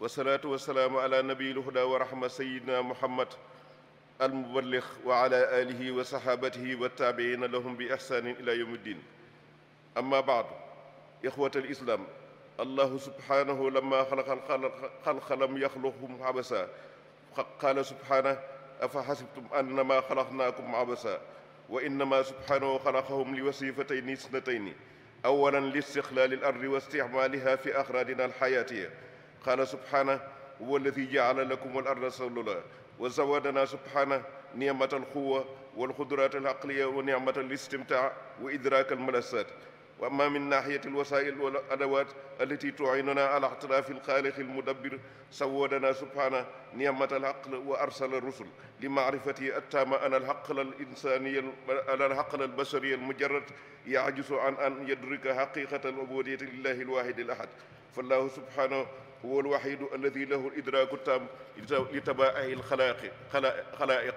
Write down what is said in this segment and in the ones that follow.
wasalaatu wasalaamu ala nabiyil huda wa rahma sayidina muhammad almuballig wa ala alihi wa sahabatihi wa taabiina lahum bi ihsanin ila yawmi ddin amma baadu ixwata alislaam allahu subhanahu lama xalaqa xalqa lam yaxluqhum abasa qaala subhanahu afa xasibtum annama xalaqnaakum abasa wa innama subhanahu xalaqahum li wasifatayni isnatayni awalan li istixlaali al ardi wa istixmaaliha fi axraadina alxayaatiya qaala subhaana huwa alladi jaala lakum wal arda salula wa zawadana subhaana nicmat alquwa walqudurat alaqliya wa nicmat alistimtaa wa idraak almalasat wa amma min nahiyat alwasail wal adawat allati tuinuna ala ixtilaafi alxaaliq almudabbir sawadana subhaana nicmat alaql wa arsala rusul li maarifati attaama an alaql alinsaniya an alaql albashariya almujarrad yajizu an an yadrika xaqiqata alubudiyati lillahi alwahidi alahad fallahu subhaanahu هو الوحيد الذي له الإدراك التام لتبائه الخلائق خلائق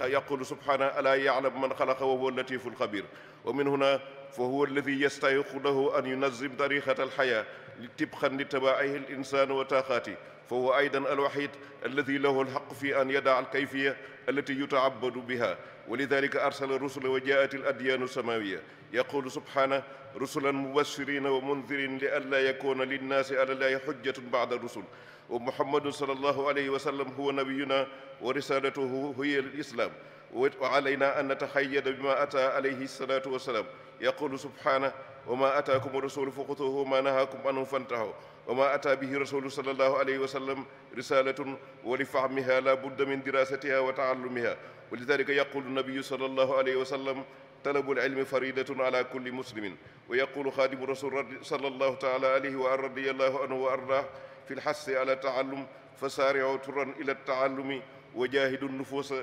يقول سبحانه ألا يعلم من خلق وهو اللطيف الخبير ومن هنا فهو الذي يستحق له أن ينظم طريقة الحياة لتبخا لتباعيه الإنسان وتاخاته فهو أيضا الوحيد الذي له الحق في أن يدع الكيفية التي يتعبد بها ولذلك أرسل الرسل وجاءت الأديان السماوية يقول سبحانه رسلا مبشرين ومنذرين لئلا يكون للناس على الله حجة بعد الرسل ومحمد صلى الله عليه وسلم هو نبينا ورسالته هي الإسلام وعلينا أن نتحيد بما أتى عليه الصلاة والسلام يقول سبحانه وما أتاكم الرسول فخذوه وما نهاكم عنه فانتهوا وما أتى به الرسول صلى الله عليه وسلم رسالة ولفهمها لا بد من دراستها وتعلمها ولذلك يقول النبي صلى الله عليه وسلم طلب العلم فريدة على كل مسلم ويقول خادم الرسول صلى الله تعالى عليه وأن رضي الله عنه وأرضاه في الحث على التعلم فسارعوا ترا إلى التعلم wa jaahidu nufuusa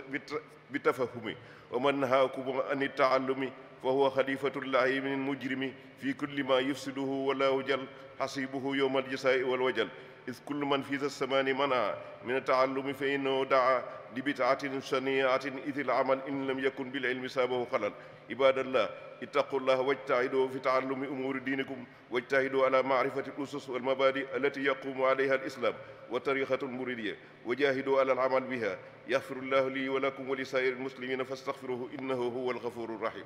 bi tafahumi wa man nahaakum ani taallumi fa huwa xalifatullahi min mujrimi fi kulli ma yufsiduhu wallahu jal xasibuhu yowma aljasaai walwajal is kullu man fi samani mana min taallumi fa innahu daa لبدعة شنيعة إذ العمل إن لم يكن بالعلم سابه خلل عباد الله اتقوا الله واجتهدوا في تعلم أمور دينكم واجتهدوا على معرفة الأسس والمبادئ التي يقوم عليها الإسلام وطريقة المريدية وجاهدوا على العمل بها يغفر الله لي ولكم ولسائر المسلمين فاستغفروه إنه هو الغفور الرحيم